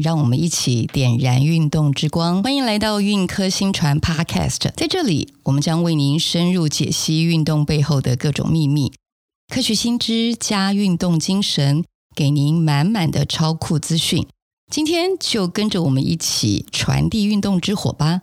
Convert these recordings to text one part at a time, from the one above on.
讓我們一起點燃運動之光！歡迎來到《運科薪傳》Podcast，在這裡我們將為您深入解析運動背後的各種秘密，科學新知加運動精神，給您滿滿的超酷資訊。今天就跟着我們一起傳遞運動之火吧！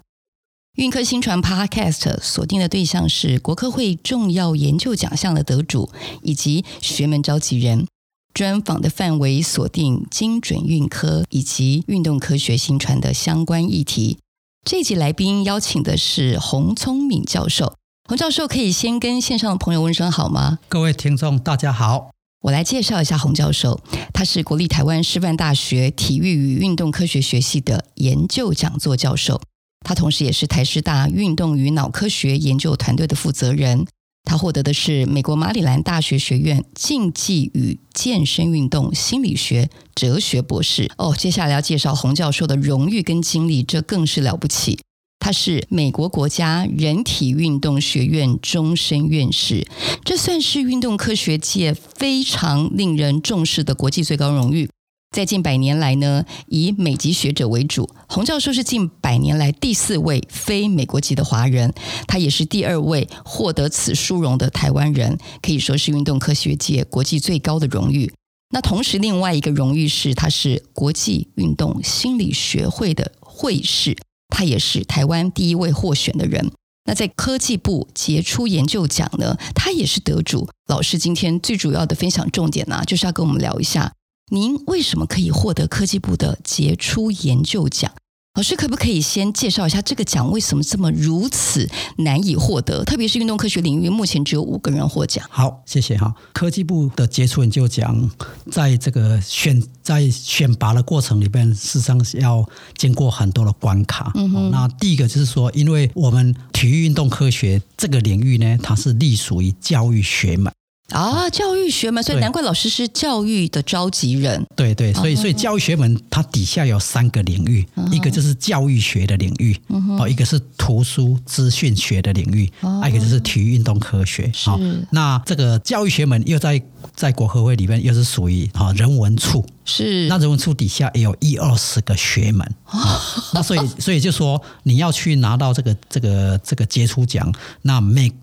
《運科薪傳》Podcast 鎖定的對象是國科會重要研究獎項的得主以及學門召集人。專訪的範圍鎖定精準運科以及運動科學薪傳的相關議題。這一集來賓邀請的是洪聰敏教授。洪教授可以先跟線上的朋友問聲好嗎？各位聽眾大家好，我來介紹一下洪教授，他是國立台灣師範大學體育與運動科學學系的研究講座教授，他同時也是台師大運動與腦科學研究團隊的負責人。他獲得的是美國馬里蘭大學學院競技與健身運動心理學哲學博士。哦，接下來要介紹洪教授的榮譽跟經歷，這更是了不起。他是美國國家人體運動學院終身院士，這算是運動科學界非常令人重視的國際最高榮譽。在近百年來呢，以美籍學者為主，洪教授是近百年來第四位非美國籍的華人，他也是第二位獲得此殊榮的台灣人，可以說是運動科學界國際最高的榮譽。那同時，另外一個榮譽是，他是國際運動心理學會的會士，他也是台灣第一位獲選的人。那在科技部傑出研究獎呢，他也是得主。老師今天最主要的分享重點呢、啊，就是要跟我們聊一下。您為什麼可以獲得科技部的傑出研究獎？老師可不可以先介紹一下這個獎為什麼這麼如此難以獲得？特別是運動科學領域，目前只有五個人獲獎。好，謝謝哈。科技部的傑出研究獎，在這個選在選拔的過程裡邊，事實上是要經過很多的關卡。嗯哼。那第一個就是說，因為我們體育運動科學這個領域呢，它是隸屬於教育學門。啊，教育學門，所以難怪老師是教育的召集人。對對，所以所以教育學門它底下有三個領域，嗯、一個就是教育學的領域哦、嗯，一個是圖書資訊學的領域，另、嗯、一個就是體育運動科學。好，那這個教育學門又在在國科會裡面又是屬於啊人文處。是，那人文處底下也有一二十個學門，哦哦、那所以所以就說你要去拿到這個這個這個傑出獎，那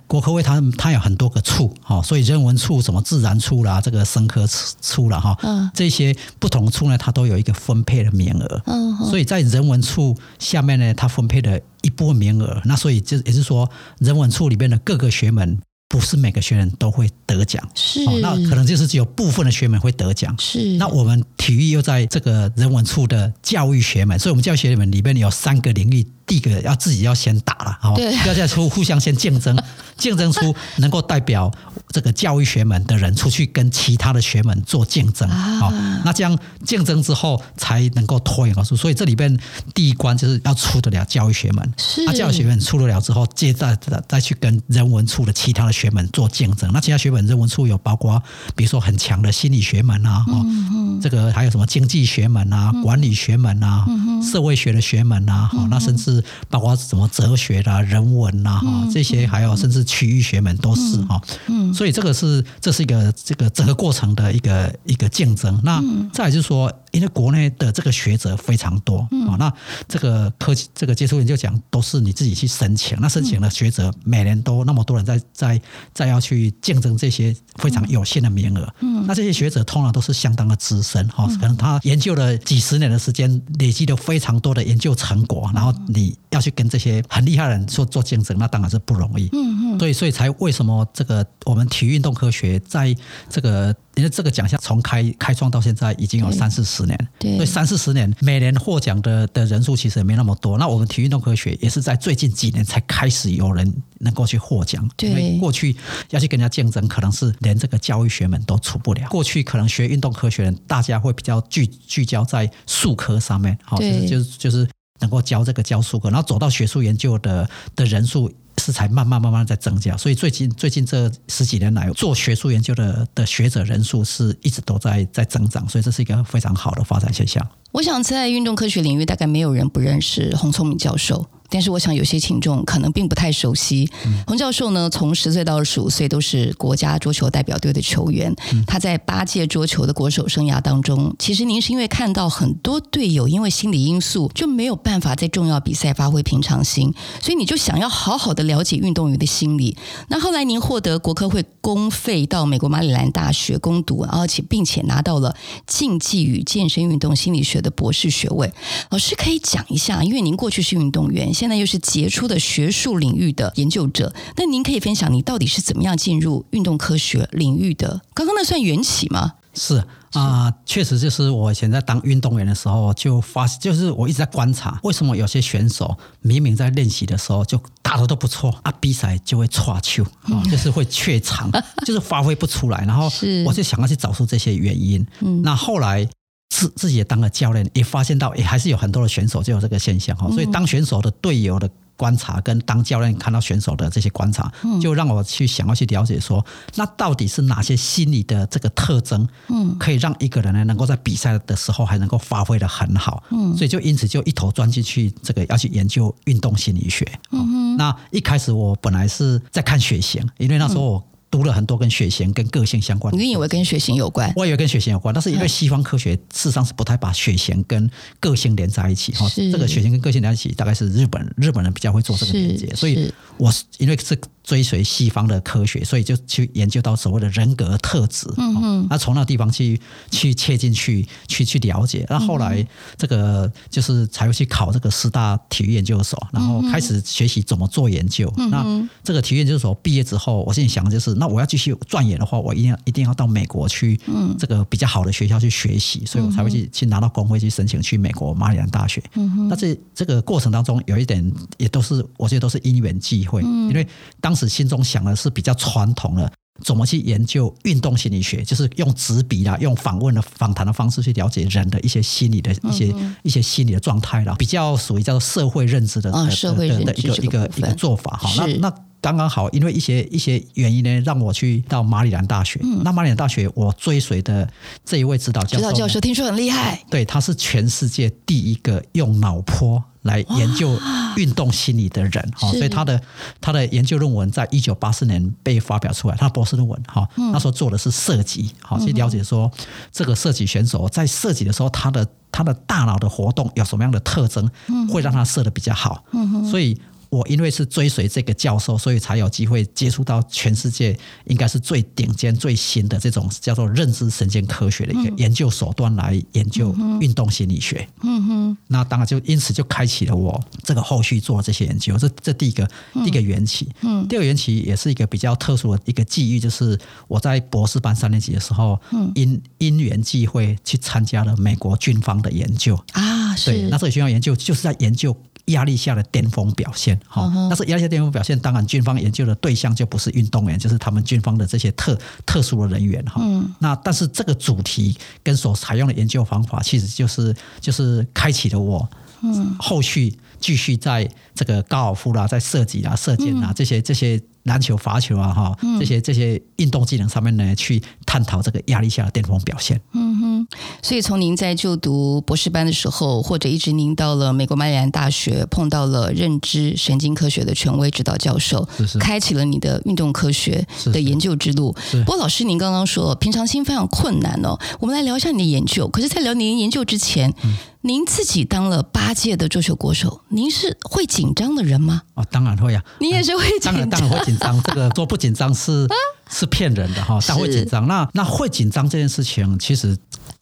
國科會它它有很多個處，哈、哦，所以人文處什麼自然處啦，這個生科處啦。哈、哦嗯，這些不同處呢，它都有一個分配的名額、嗯，嗯，所以在人文處下面呢，它分配了一部分名額，那所以就也就是說人文處裡邊的各個學門。不是每個學門都會得獎，是。哦，那可能就是只有部分的學門會得獎，是。那我們體育又在這個人文處的教育學門，所以我們教育學門裡面裡面有三個領域。第一個要自己要先打了，好，要再出互相先競爭，競 爭出能夠代表這個教育學門的人出去跟其他的學門做競爭，好、啊哦，那這樣競爭之後才能夠脫穎而出。所以這裡邊第一關就是要出得了教育學門，是、啊、教育學門出得了之後，接着再再再去跟人文處的其他的學門做競爭。那其他學門人文處有包括，比如說很強的心理學門啊、哦嗯嗯，這個還有什麼經濟學門啊、管理學門啊、嗯嗯嗯社會學的學門啊、哈、哦，那甚至。包括什麼哲學啦、啊、人文啦、啊、哈這些，還有甚至區域學門都是哈、嗯嗯，所以這個是，這是一個這個整個過程的一個一個競爭。那再來就是說。因為國內的這個學者非常多啊、嗯哦，那這個科技、這個接觸研究講，都是你自己去申請。那申請的學者每年都那麼多人在在在要去競爭這些非常有限的名額。嗯、那這些學者通常都是相當的資深、哦、可能他研究了幾十年的時間，累積了非常多的研究成果。然後你要去跟這些很厲害的人去做競爭，那當然是不容易。嗯嗯，所以所以才為什麼這個我們體育運動科學在這個。因為這個獎項從開開創到現在已經有三四十年，對，對，所以三四十年每年獲獎的的人數其實也沒那麼多。那我們體育運動科學也是在最近幾年才開始有人能夠去獲獎，對，因為過去要去跟人家競爭，可能是連這個教育學門都出不了。過去可能學運動科學人，大家會比較聚聚焦在術科上面，好、哦，就是就是就是能夠教這個教術科，然後走到學術研究的的人數。這才慢慢慢慢在增加，所以最近最近這十幾年來，做學術研究的的學者人數是一直都在在增長，所以這是一個非常好的發展現象。我想在運動科學領域，大概沒有人不認識洪聰敏教授。但是我想有些聽眾可能並不太熟悉、嗯。洪教授呢，從十歲到二十五歲都是國家桌球代表隊的球員。嗯、他在八屆桌球的國手生涯當中，其實您是因為看到很多隊友因為心理因素就沒有辦法在重要比賽發揮平常心，所以你就想要好好的了解運動員的心理。那後來您獲得國科會公費到美國馬里蘭大學攻讀，而且並且拿到了競技與健身運動心理學的博士學位。老師可以講一下，因為您過去是運動員。現在又是傑出的學術領域的研究者，那您可以分享您到底是怎麼樣進入運動科學領域的？剛剛那算緣起嗎？是啊、呃，確實就是我以前在當運動員的時候就發，就是我一直在觀察，為什麼有些選手明明在練習的時候就打得都不錯啊，比賽就會差球啊，就是會怯場， 就是發揮不出來。然後是我就想要去找出這些原因。嗯，那後來。自自己也當了教練，也發現到也、欸、還是有很多的選手就有這個現象哈，所以當選手的隊友的觀察跟當教練看到選手的這些觀察，就讓我去想要去了解說，那到底是哪些心理的這個特徵，可以讓一個人呢能夠在比賽的時候還能夠發揮得很好，所以就因此就一頭鑽進去這個要去研究運動心理學，那一開始我本來是在看血型，因為那時候我。讀了很多跟血型跟個性相關，你以為跟血型有關？我以為跟血型有關，但是因為西方科學事實上是不太把血型跟個性連在一起。是、嗯、這個血型跟個性連在一起，大概是日本日本人比較會做這個連接。所以我是因為是。追隨西方的科學，所以就去研究到所謂的人格的特質，嗯嗯，那從那個地方去去切進去，去去了解。那後來這個就是才會去考這個師大體育研究所，然後開始學習怎麼做研究、嗯。那這個體育研究所畢業之後，我心裡想的就是，那我要繼續鑽研的話，我一定要一定要到美國去，嗯，這個比較好的學校去學習。所以我才會去、嗯、去拿到工會去申請去美國馬里蘭大學。嗯、那這這個過程當中有一點也都是，我覺得都是因緣際會、嗯，因為當時。是心中想的是比較傳統的，怎麼去研究運動心理學？就是用紙筆啊，用訪問的訪談的方式去了解人的一些心理的嗯嗯一些一些心理的狀態了、啊，比較屬於叫做社會認知的啊、哦呃，的，的，的一個一個一個做法哈。那那。剛剛好，因為一些一些原因呢，讓我去到馬里蘭大學。嗯、那馬里蘭大學，我追隨的這一位指導教授，指導教授說聽說很厲害。對，他是全世界第一個用腦波來研究運動心理的人。哦、所以他的他的研究論文在一九八四年被發表出來，他博士論文。哈、哦嗯，那時候做的是射擊，好去了解說、嗯、這個射擊選手在射擊的時候，他的他的大腦的活動有什麼樣的特徵，嗯、會讓他射得比較好。嗯、所以。我因為是追隨這個教授，所以才有機會接觸到全世界應該是最頂尖最新的這種叫做認知神經科學的一個研究手段來研究運動心理學。嗯哼，嗯哼，那當然就因此就開啟了我這個後續做這些研究。這這第一個第一個緣起、嗯嗯，第二個緣起也是一個比較特殊的一個際遇，就是我在博士班三年級的時候，嗯、因因緣際會去參加了美國軍方的研究啊，是，對，那這個軍方研究就是在研究。就是壓力下的巔峰表現，哈，那是壓力下巔峰表現。當然，軍方研究的對象就不是運動員，就是他們軍方的這些特特殊的人員，哈、uh -huh. 那但是這個主題跟所採用的研究方法，其實就是就是開啟了我，嗯、uh -huh.，後續繼續在這個高爾夫啦、啊、在射擊啊、射箭啊、uh -huh. 這些這些籃球罰球啊哈、uh -huh. 這些這些運動技能上面呢，去探討這個壓力下的巔峰表現，嗯。所以，從您在就讀博士班的時候，或者一直您到了美國馬里蘭大學，碰到了認知神經科學的權威指導教授，是是開啟了你的運動科學的研究之路。不過，老師，您剛剛說平常心非常困難哦。我們來聊一下你的研究。可是，在聊您研究之前。嗯您自己當了八屆的桌球國手，您是會緊張的人嗎？哦，當然會啊！你也是會緊張、嗯，當然會緊張。這個說不緊張是、啊、是騙人的哈，但會緊張。那那會緊張這件事情，其實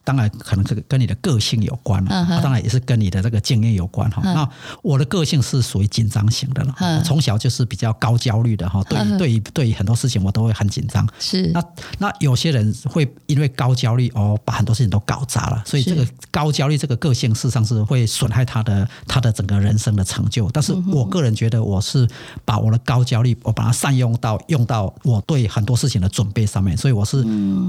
當然可能這個跟你的個性有關，uh -huh. 當然也是跟你的這個經驗有關哈。Uh -huh. 那我的個性是屬於緊張型的了，從、uh -huh. 小就是比較高焦慮的哈、uh -huh.。對於，對於對於很多事情我都會很緊張。是、uh -huh. 那那有些人會因為高焦慮哦，把很多事情都搞砸了，所以這個高焦慮這個個性。事實上是會損害他的他的整個人生的成就，但是我個人覺得我是把我的高焦慮，我把它善用到用到我對很多事情的準備上面，所以我是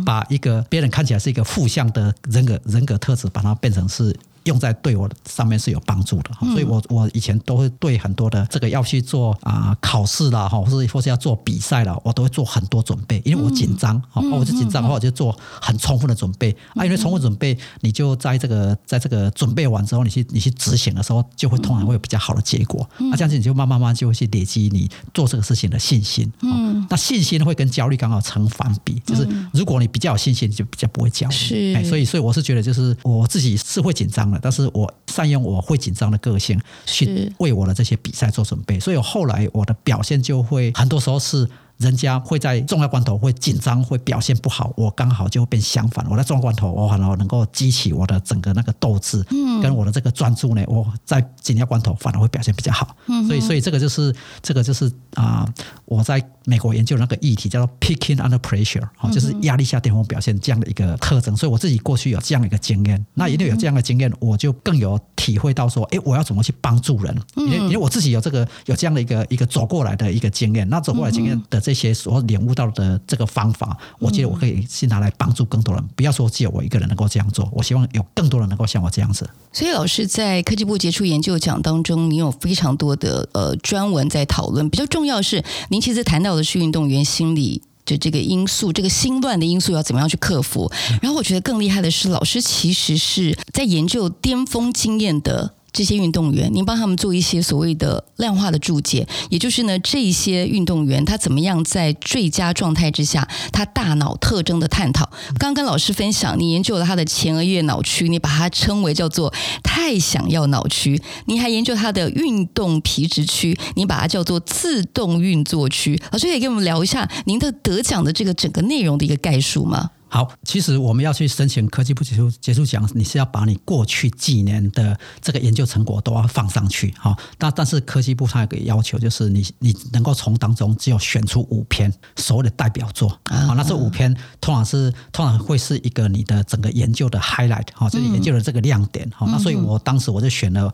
把一個別人看起來是一個負向的人格人格特質，把它變成是。用在對我上面是有幫助的，所以我我以前都會對很多的這個要去做啊、呃、考試啦，或是或是要做比賽啦，我都會做很多準備，因為我緊張、嗯哦、我是緊張的話，我就做很充分的準備啊，因為充分準備，你就在這個在這個準備完之後你，你去你去執行的時候，就會通常會有比較好的結果，那、啊、這樣子你就慢慢慢就會去累積你做這個事情的信心，嗯、哦，那信心會跟焦慮剛好成反比，就是如果你比較有信心，你就比較不會焦慮，是，欸、所以所以我是覺得就是我自己是會緊張的。但是我善用我會緊張的個性去為我的這些比賽做準備，所以後來我的表現就會很多時候是人家會在重要關頭會緊張，會表現不好，我剛好就變相反。我在重要關頭，我反而能夠激起我的整個那個鬥志，嗯，跟我的這個專注呢，我在緊要關頭反而會表現比較好。嗯，所以所以這個就是這個就是啊，呃，我在。美國研究那個議題叫做 peaking under pressure，就是壓力下巔峰表現這樣的一個特徵。所以我自己過去有這樣一個經驗，那一定有這樣的經驗，我就更有體會到說，哎、欸，我要怎麼去幫助人？因為我自己有這個有這樣的一個一個走過來的一個經驗，那走過來經驗的這些所領悟到的這個方法，我覺得我可以去拿來幫助更多人。不要說只有我一個人能夠這樣做，我希望有更多人能夠像我這樣子。所以老師在科技部傑出研究獎當中，您有非常多的呃專文在討論。比較重要是，您其實談到。是運動員心理的這個因素，這個心亂的因素要怎麼樣去克服？然後我覺得更厲害的是，老師其實是在研究巔峰經驗的。這些運動員，您幫他們做一些所謂的量化的注解，也就是呢，這些運動員他怎麼樣在最佳狀態之下，他大腦特徵的探討。剛剛跟老師分享，你研究了他的前額葉腦區，你把它稱為叫做“太想要腦區”，您還研究他的運動皮質區，你把它叫做自動運作區。老師可以給我們聊一下您的得獎的這個整個內容的一個概述嗎？好，其實我們要去申請科技部結束結束獎，你是要把你過去幾年的這個研究成果都要放上去，哈、哦。但但是科技部它有個要求，就是你你能夠從當中只有選出五篇所謂的代表作啊、嗯哦。那這五篇通常是通常會是一個你的整個研究的 highlight，哈、哦，就是研究的這個亮點，哈、嗯哦。那所以我當時我就選了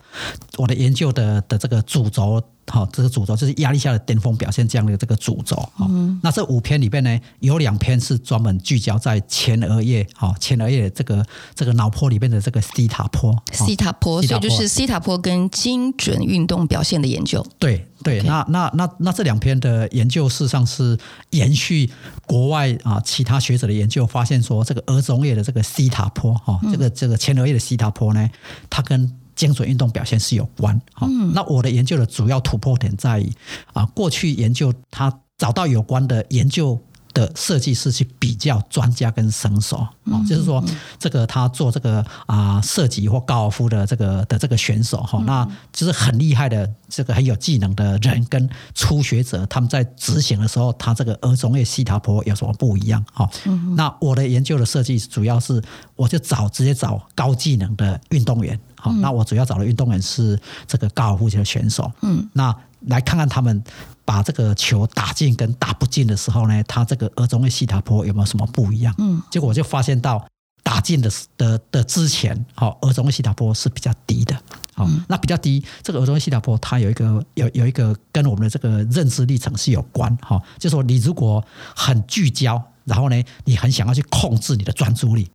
我的研究的的這個主軸。好、哦，這個主軸就是壓力下的巔峰表現這樣的這個主軸、哦。嗯。那這五篇裡邊呢，有兩篇是專門聚焦在前額葉，哈、哦，前額葉這個這個腦波裡邊的這個西塔波，西、哦、塔波、坡，所以就是西塔波跟精準運動表現的研究。對對，okay、那那那那這兩篇的研究事實上是延續國外啊其他學者的研究，發現說這個額中葉的這個西塔波。哈、哦嗯，這個這個前額葉的西塔波呢，它跟精準運動表現是有關哈、嗯。那我的研究的主要突破點在於啊，過去研究他找到有關的研究的設計是去比較專家跟生手、嗯、就是說這個他做這個啊射擊或高爾夫的這個的這個選手哈、嗯，那就是很厲害的、嗯、這個很有技能的人跟初學者，他們在執行的時候，嗯、他這個額中葉西塔波有什麼不一樣哈、嗯嗯？那我的研究的設計主要是我就找直接找高技能的運動員。好、嗯，那我主要找的運動員是這個高爾夫球選手。嗯，那來看看他們把這個球打進跟打不進的時候呢，他這個額中位西塔波有沒有什麼不一樣？嗯，結果我就發現到打進的的的之前，好，額中位西塔波是比較低的。好、嗯，那比較低，這個額中位西塔波它有一個有有一個跟我們的這個認知歷程是有關。哈，就是、說你如果很聚焦，然後呢，你很想要去控制你的專注力。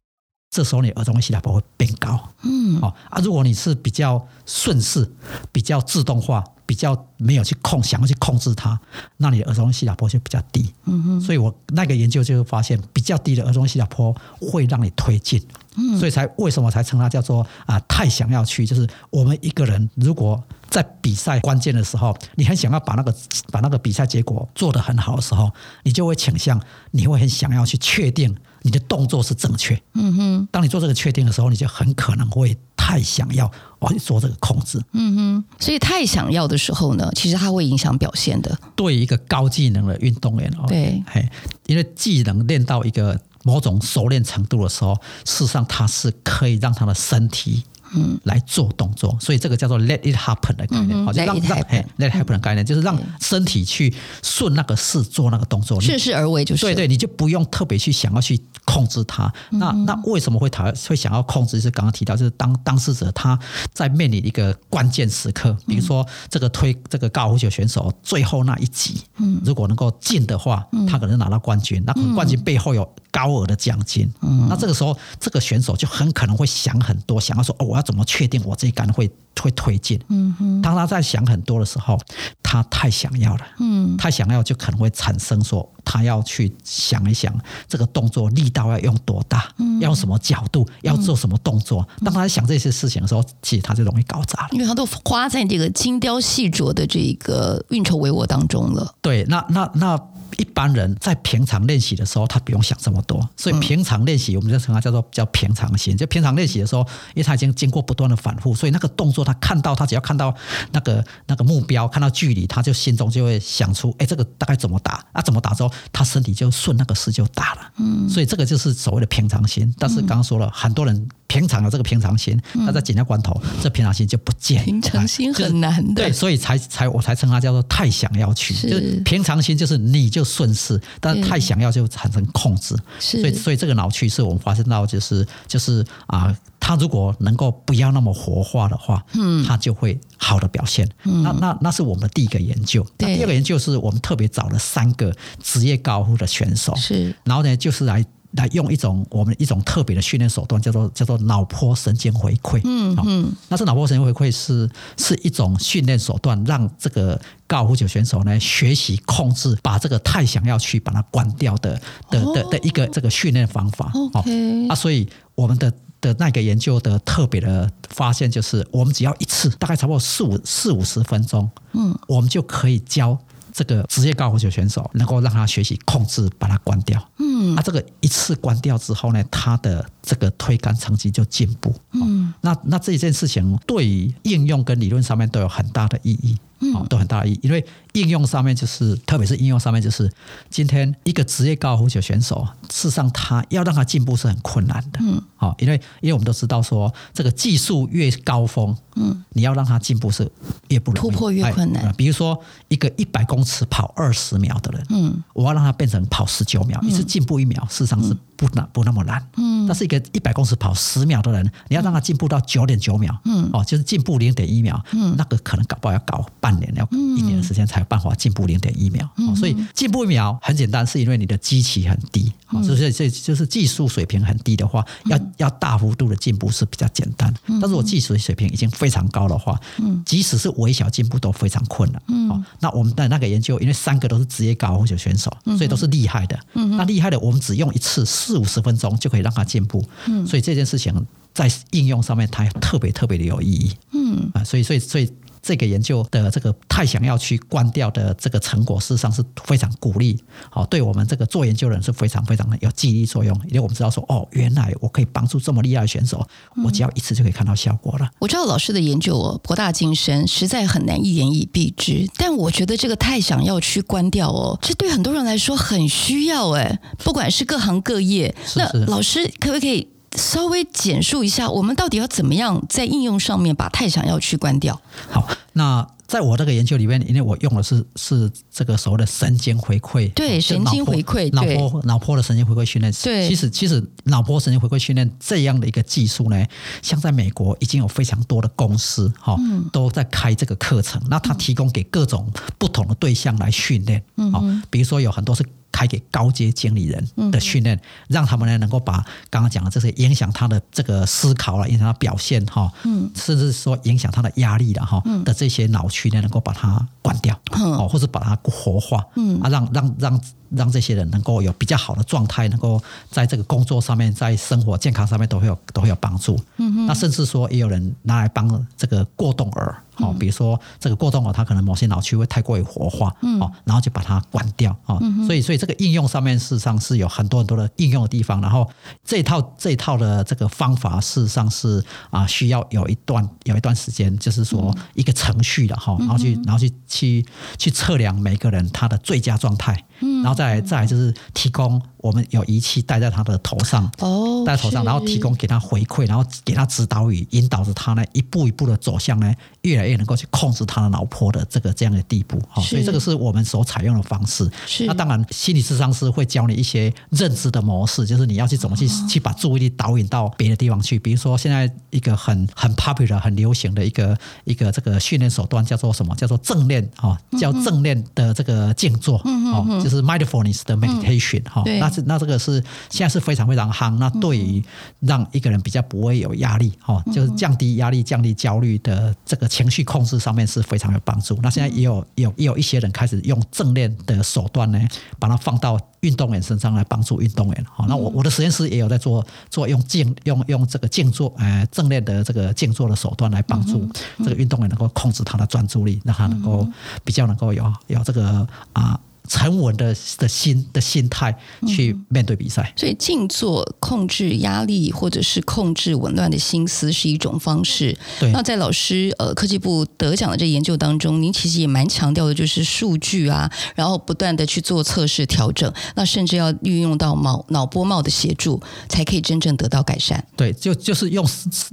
這時候，你額中希塔波會變高，哦、嗯、啊，如果你是比較順勢、比較自動化、比較沒有去控，想要去控制它，那你的額中希塔波就比較低、嗯，所以我那個研究就是發現，比較低的額中希塔波會讓你推進，嗯、所以才為什麼我才稱它叫做啊、呃，太想要去，就是我們一個人如果在比賽關鍵的時候，你很想要把那個把那個比賽結果做得很好的時候，你就會傾向，你會很想要去確定。你的動作是正確，嗯哼。當你做這個確定的時候，你就很可能會太想要，哦，你做這個控制，嗯哼。所以太想要的時候呢，其實它會影響表現的。對於一個高技能的運動員哦，對，嘿，因為技能練到一個某種熟練程度的時候，事實上他是可以讓他的身體。嗯，來做動作，所以這個叫做 let it happen 的概念，好、嗯、像讓 let it happen, 讓 let it happen 的概念、嗯，就是讓身體去順那個勢做那個動作，順、嗯、勢而為就是。對對，你就不用特別去想要去控制它、嗯。那那為什麼會討會想要控制？就是剛剛提到，就是當當事者他在面臨一個關鍵時刻，嗯、比如說這個推這個高爾夫球選手最後那一擊，嗯，如果能夠進的話，嗯、他可能拿到冠軍。那冠軍背後有。高額的獎金，嗯，那這個時候，這個選手就很可能會想很多，想要說哦，我要怎麼確定我這一桿會會推進？嗯哼。當他在想很多的時候，他太想要了，嗯，太想要就可能會產生說，他要去想一想這個動作力道要用多大，嗯，要用什麼角度，要做什麼動作。嗯。當他在想這些事情的時候，其實他就容易搞砸了，因為他都花在這個精雕細琢的這一個運籌帷幄當中了。對，那那那一般人在平常練習的時候，他不用想這麼。多，所以平常練習，我們就稱它叫做叫平常心。就平常練習的時候，因為他已經經過不斷的反覆，所以那個動作，他看到，他只要看到那個那個目標，看到距離，他就心中就會想出，哎，這個大概怎麼打啊？怎麼打之後，他身體就順那個勢就打了。嗯，所以這個就是所謂的平常心。但是剛剛說了，很多人平常的這個平常心，那、嗯、在緊要關頭，這平常心就不見，平常心很難對，對，所以才才我才稱它叫做太想要去。是就是、平常心就是你就順勢，但是太想要就產生控制。是，所以所以這個腦區是我們發現到，就是就是啊，他如果能夠不要那麼活化的話，嗯，他就會好的表現。嗯，那那那是我們的第一個研究，那第二個研究是，我們特別找了三個職業高爾夫的選手，是，然後呢就是來。來用一種我們一種特別的訓練手段叫做，叫做叫做腦波神經回饋。嗯，嗯哦，那是腦波神經回饋是是一種訓練手段，讓這個高爾夫球選手呢學習控制，把這個太想要去把它關掉的的的的的一個這個訓練方法。哦，哦啊，所以我們的的那個研究的特別的發現就是，我們只要一次，大概差不多四五四五十分鐘，嗯，我們就可以教。這個職業高爾夫球選手能夠讓他學習控制，把它關掉。嗯，那這個一次關掉之後呢，他的這個推桿成績就進步。嗯，那那這一件事情對於應用跟理論上面都有很大的意義。嗯，都很大意，因為應用上面就是，特別是應用上面就是，今天一個職業高爾夫球選手，事實上他要讓他進步是很困難的。嗯，好，因為因為我們都知道說，這個技術越高峰，嗯，你要讓他進步是越不容易，突破越困難。哎，比如說，一個一百公尺跑二十秒的人，嗯，我要讓他變成跑十九秒，你是進步一秒，事實上是。不難，不那麼難，嗯，但是一個一百公尺跑十秒的人，嗯，你要讓他進步到九點九秒，嗯，哦，就是進步零點一秒，嗯，那個可能搞不好要搞半年，嗯，要一年的時間才有辦法進步零點一秒，嗯哦，所以進步一秒很簡單，是因為你的基期很低，好，嗯，就是這就是技術水平很低的話，嗯，要要大幅度的進步是比較簡單，但是我技術水平已經非常高的話，嗯，即使是微小進步都非常困難，嗯，哦，那我們的那個研究，因為三個都是職業高爾夫球選手，嗯，所以都是厲害的，嗯，那厲害的我們只用一次。四五十分鐘就可以讓他進步，嗯，所以這件事情在應用上面它特別特別的有意義，嗯啊，所以所以所以。這個研究的這個太想要去關掉的這個成果，事實上是非常鼓勵，好，對我們這個做研究的人是非常非常的有激勵作用。因為我們知道說，哦，原來我可以幫助這麼厲害的選手，我只要一次就可以看到效果了。嗯，我知道老師的研究，哦，博大精深，實在很難一言以蔽之。但我覺得這個太想要去關掉哦，這對很多人來說很需要哎，不管是各行各業。是是，那老師可不可以？稍微簡述一下，我們到底要怎麼樣在應用上面把太想要去關掉？好，那在我這個研究裡面，因為我用的是是這個所謂的神經回饋，對神經回饋，腦波腦波的神經回饋訓、訓練。對，其實其實腦波神經回饋訓練這樣的一個技術呢，像在美國已經有非常多的公司哈，都在開這個課程。那它提供給各種不同的對象來訓練，嗯，好，比如說有很多是。開給高階經理人的訓練，嗯、讓他們呢能夠把剛剛講的這些影響他的這個思考了、啊，影響他的表現哈、啊嗯，甚至說影響他的壓力的、啊、哈、嗯、的這些腦區呢，能夠把它關掉，哦、嗯，或是把它活化、嗯，啊，讓讓讓。讓讓這些人能夠有比較好的狀態，能夠在這個工作上面，在生活健康上面都會有都會有幫助、嗯。那甚至說也有人拿來幫這個過動兒、呃，好、嗯，比如說這個過動兒、呃，他可能某些腦區會太過於活化，哦、嗯，然後就把它關掉，啊、嗯，所以所以這個應用上面事實上是有很多很多的應用的地方。然後這套這套的這個方法事實上是啊，需要有一段有一段時間，就是說一個程序的哈、嗯，然後去然後去去去測量每一個人他的最佳狀態，嗯，然後。再再就是提供我們有儀器戴在他的頭上。哦在頭上，然後提供給他回饋，然後給他指導語，引導着他呢一步一步的走向呢越來越能夠去控制他的腦波的這個這樣的地步啊、哦。所以這個是我們所採用的方式。是那當然，心理諮商師會教你一些認知的模式，就是你要去怎麼去、嗯、去把注意力導引到別的地方去。比如說，現在一個很很 popular、很流行的一個一個這個訓練手段叫做什麼？叫做正念啊、哦，叫正念的這個靜坐、嗯嗯嗯、哦，就是 mindfulness 的 meditation 哈、嗯。那、嗯、是那這個是現在是非常非常夯。那對、嗯。以讓一個人比較不會有壓力哈，就是降低壓力、降低焦慮的這個情緒控制上面是非常有幫助。那現在也有、也有、也有一些人開始用正念的手段呢，把它放到運動員身上來幫助運動員。好，那我我的實驗室也有在做做用靜用用這個靜坐哎、呃、正念的這個靜坐的手段來幫助這個運動員能夠控制他的專注力，讓他能夠比較能夠有有這個啊。呃沉穩的的心的心態去面對比賽。嗯，所以靜坐控制壓力或者是控制紊亂的心思是一種方式。對，那在老師呃科技部得獎的這研究當中，您其實也蠻強調的，就是數據啊，然後不斷的去做測試調整，那甚至要運用到腦腦波帽的協助，才可以真正得到改善。對，就就是用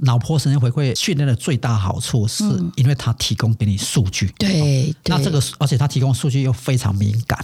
腦波神經回饋訓練的最大好處，是因為它提供給你數據。嗯。對，對。哦，那這個而且它提供數據又非常敏感。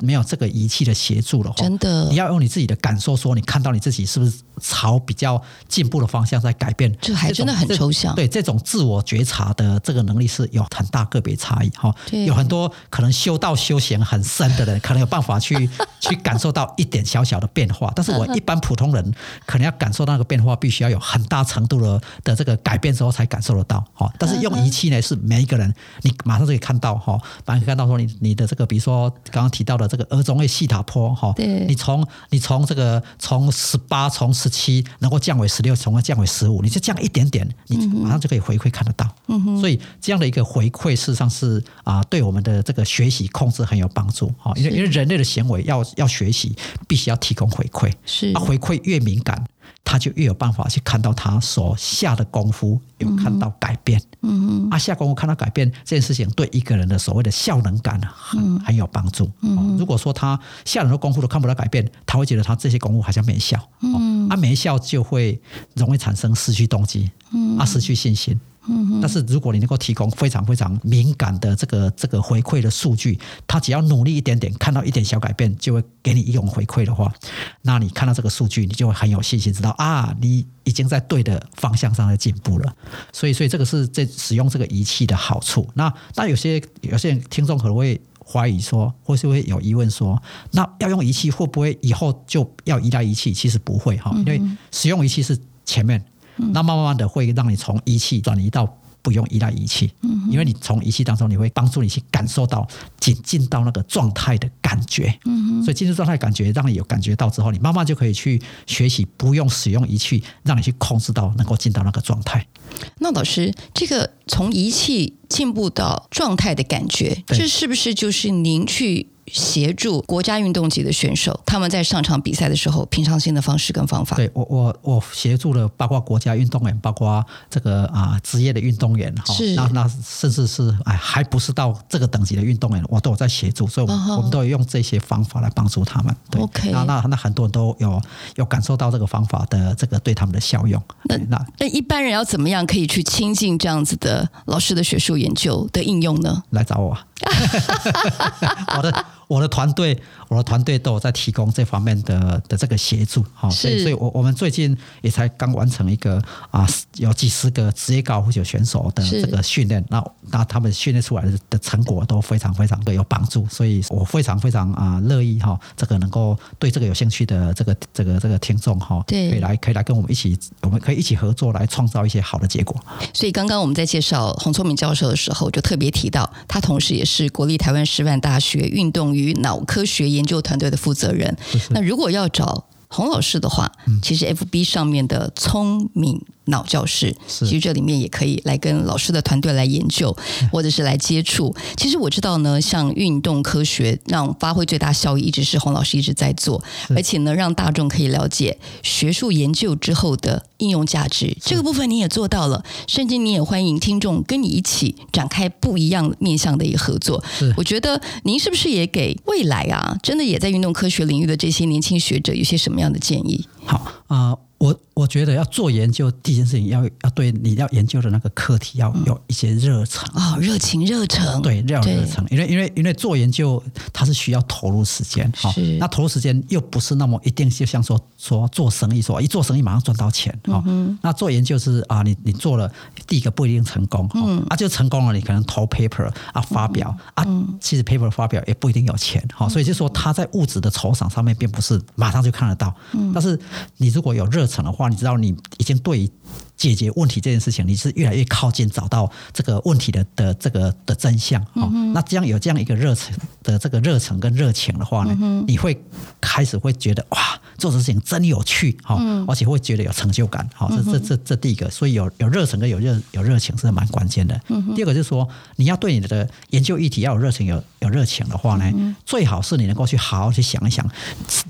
沒有這個儀器的協助的話，真的，你要用你自己的感受說，你看到你自己是不是朝比較進步的方向在改變這？這還真的很抽象。對，這種自我覺察的這個能力是有很大個別差異哈。有很多可能修道修行很深的人，可能有辦法去 去感受到一點小小的變化。但是我一般普通人，可能要感受到那個變化，必須要有很大程度的的這個改變之後才感受得到。哦，但是用儀器呢，是每一個人你馬上就可以看到哈，馬上看到說你你的這個，比如說剛剛提到的。這個額中位西塔波哈，你從你從這個從十八從十七能夠降為十六，從而降為十五，你就降一點點，你馬上就可以回饋看得到。嗯哼，所以這樣的一個回饋，事實上是啊、呃，對我們的這個學習控制很有幫助哈。因為因為人類的行為要要學習，必須要提供回饋，是、啊、回饋越敏感。他就越有辦法去看到他所下的功夫有看到改變，嗯，嗯啊，下功夫看到改變這件事情對一個人的所謂的效能感很、嗯嗯、很有幫助。嗯、哦，如果說他下很多功夫都看不到改變，他會覺得他這些功夫好像沒效，嗯、哦、啊，沒效就會容易產生失去動機，嗯啊，失去信心。但是如果你能夠提供非常非常敏感的這個這個回饋的數據，他只要努力一點點，看到一點小改變，就會給你一種回饋的話，那你看到這個數據，你就會很有信心，知道啊，你已經在對的方向上的進步了。所以，所以這個是在使用這個儀器的好處。那那有些有些人聽眾可能會懷疑說，或是會有疑問說，那要用儀器會不會以後就要依賴儀器？其實不會哈，因為使用儀器是前面。那慢慢的會讓你從儀器轉移到不用依賴儀器，嗯、因為你從儀器當中你會幫助你去感受到進進到那個狀態的感覺，嗯、所以進入狀態感覺讓你有感覺到之後，你慢慢就可以去學習不用使用儀器，讓你去控制到能夠進到那個狀態。那老師，這個從儀器進步到狀態的感覺，這是不是就是您去協助國家運動級的選手，他們在上場比賽的時候，平常心的方式跟方法。對，我，我，我協助了，包括國家運動員，包括這個啊、呃、職業的運動員，是，那那甚至是哎，還不是到這個等級的運動員，我都有在協助，所以我們我都有用這些方法來幫助他們。Oh. OK，那那那很多人都有有感受到這個方法的這個對他們的效用。那對那那一般人要怎麼樣可以去親近這樣子的老師的學術研究的應用呢？來找我。好 我的。 我的團隊，我的團隊都有在提供這方面的的這個協助，哈，所以，所以我我們最近也才剛完成一個啊，有幾十個職業高爾夫球選手的這個訓練，那那他們訓練出來的成果都非常非常有幫助，所以我非常非常啊樂意哈、哦，這個能夠對這個有興趣的這個這個這個聽眾哈，對，可以來可以來跟我們一起，我們可以一起合作來創造一些好的結果。所以剛剛我們在介紹洪聰敏教授的時候，就特別提到他同時也是國立台灣師範大學運動。腦科學研究團隊的負責人。那如果要找洪老師的話，嗯、其實 FB 上面的聰敏腦教室其實這裡面也可以來跟老師的團隊來研究，或者是來接觸。其實我知道呢，像運動科學讓發揮最大效益，一直是洪老師一直在做，而且呢，讓大眾可以了解學術研究之後的應用價值，這個部分你也做到了，甚至你也歡迎聽眾跟你一起展開不一樣面向的一個合作。我覺得您是不是也給未來啊，真的也在運動科學領域的這些年輕學者，有些什麼樣的建議？好啊。呃我我覺得要做研究，第一件事情要要對你要研究的那個課題要有一些熱忱啊、哦，熱情熱忱，對熱熱忱，因為因為因為做研究它是需要投入時間哈，那投入時間又不是那麼一定就像說說做生意說一做生意馬上賺到錢啊、嗯，那做研究是啊，你你做了第一個不一定成功，嗯啊就成功了，你可能投 paper 啊發表、嗯、啊，其實 paper 發表也不一定有錢哈、嗯，所以就說它在物質的酬賞上面並不是馬上就看得到，嗯、但是你如果有熱場的話，你知道你已經對解決問題這件事情，你是越來越靠近找到這個問題的的這個的真相、嗯、那這樣有這樣一個熱忱的這個熱忱跟熱情的話呢、嗯，你會開始會覺得，哇，做這件事情真有趣哈、嗯，而且會覺得有成就感哈、嗯。這這這這第一個，所以有有熱忱跟有熱有熱情是蠻關鍵的、嗯。第二個就是說，你要對你的研究議題要有熱情，有有熱情的話呢、嗯，最好是你能夠去好好去想一想，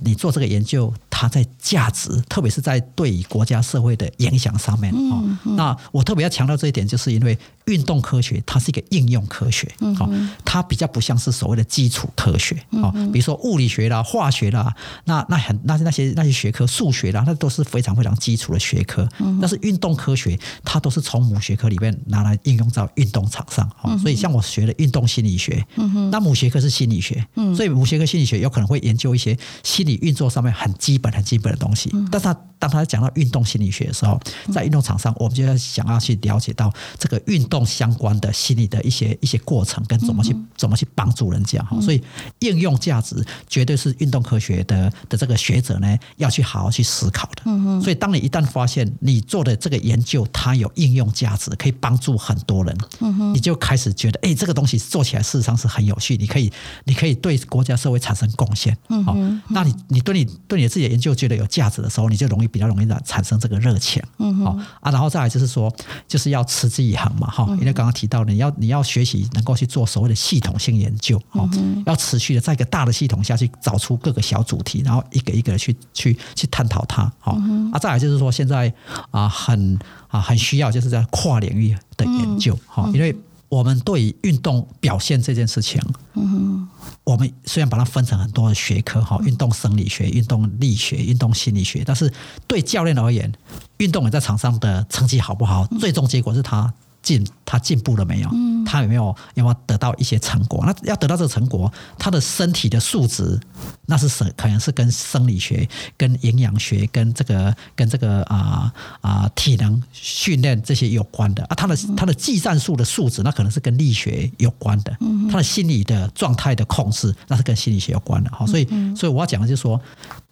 你做這個研究它在價值，特別是在。對於國家社會的影響上面啊、哦嗯嗯，那我特別要強調這一點，就是因為。運動科學它是一個應用科學，好、哦，它比較不像是所謂的基礎科學，好、哦，比如說物理學啦、化學啦，那那很那些那些那些學科，數學啦，那都是非常非常基礎的學科。但是運動科學它都是從母學科裡面拿來應用到運動場上，所以像我學的運動心理學，那母學科是心理學，所以母學科心理學有可能會研究一些心理運作上面很基本、很基本的東西。但是他，當他講到運動心理學的時候，在運動場上，我們就要想要去了解到這個運動。相關的心理的一些一些過程跟怎麼去、嗯、怎麼去幫助人家哈、嗯，所以應用價值絕對是運動科學的的這個學者呢要去好好去思考的、嗯。所以當你一旦發現你做的這個研究它有應用價值，可以幫助很多人，嗯、你就開始覺得哎、欸，這個東西做起來事實上是很有趣，你可以你可以對國家社會產生貢獻，嗯，嗯那你你對你對你自己的研究覺得有價值的時候，你就容易比較容易產產生這個熱情，嗯好、嗯、啊，然後再來就是說就是要持之以恆嘛，哈。因為剛剛提到，你要你要學習能夠去做所謂的系統性研究，哈、嗯，要持續的在一個大的系統下去找出各個小主題，然後一個一個的去去去探討它，哈、哦嗯。啊，再來就是說，現在啊很啊很需要就是在跨領域的研究，哈、嗯。因為我們對運動表現這件事情，嗯，我們雖然把它分成很多的學科，哈、哦，運動生理學、運動力學、運動心理學，但是對教練而言，運動員在場上的成績好不好，嗯、最終結果是他。進他進步了沒有？他有沒有有沒有得到一些成果？那要得到這個成果，他的身體的素質，那是生可能是跟生理學、跟營養學、跟這個、跟這個啊啊、呃呃、體能訓練這些有關的啊。他的他的技戰術的素質，那可能是跟力學有關的。他的心理的狀態的控制，那是跟心理學有關的。好，所以所以我要講的就是說，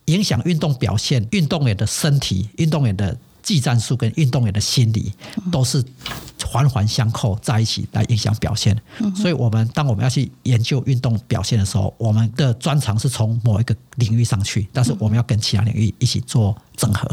影響運動表現，運動員的身體，運動員的技戰術跟運動員的心理都是環環相扣，在一起來影響表現。所以我們當我們要去研究運動表現的時候，我們的專長是從某一個領域上去，但是我們要跟其他領域一起做整合，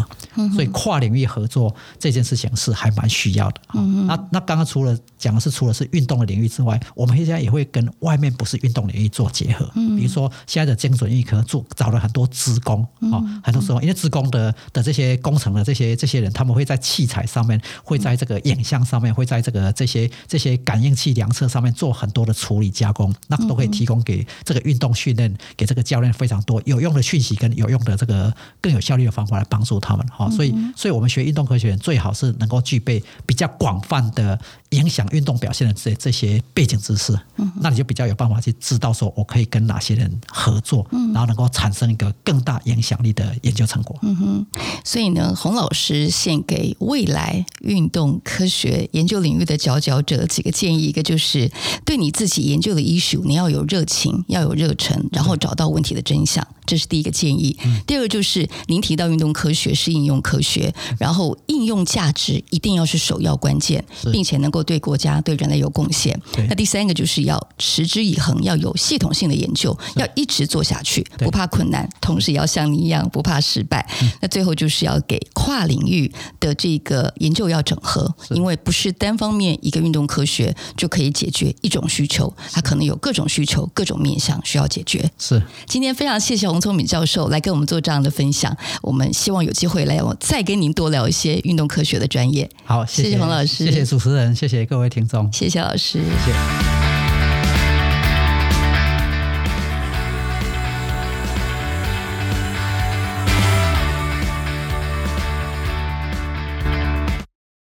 所以跨領域合作這件事情是還蠻需要的。嗯、那那剛剛除了講的是除了是運動的領域之外，我們現在也會跟外面不是運動領域做結合、嗯。比如說現在的精準醫學做找了很多資工啊，很多時候因為資工的的這些工程的這些這些人，他們會在器材上面，會在這個影像上面，會在這個這些這些感應器量測上面做很多的處理加工，那都可以提供給這個運動訓練，給這個教練非常多有用的訊息跟有用的這個更有效率的方法來。幫助他們哈，所以，所以我們學運動科學，最好是能夠具備比較廣泛的影響運動表現的這這些背景知識，嗯，那你就比較有辦法去知道，說我可以跟哪些人合作，嗯，然後能夠產生一個更大影響力的研究成果，嗯哼。所以呢，洪老師獻給未來運動科學研究領域的佼佼者幾個建議：一個就是對你自己研究的 issue，你要有熱情，要有熱忱，然後找到問題的真相，這是第一個建議；嗯，第二個就是您提到運動科。科學是應用科學，然後應用價值一定要是首要關鍵，並且能夠對國家、對人類有貢獻。那第三個就是要持之以恆，要有系統性的研究，要一直做下去，不怕困難。同時，要像你一樣不怕失敗、嗯。那最後就是要給跨領域的這個研究要整合，因為不是單方面一個運動科學就可以解決一種需求，它可能有各種需求、各種面向需要解決。是今天非常謝謝洪聰敏教授來跟我們做這樣的分享，我們希望。望有機會來，我再跟您多聊一些運動科學的專業。好，謝謝洪老師，謝謝主持人，謝謝各位聽眾，謝謝老師。謝謝。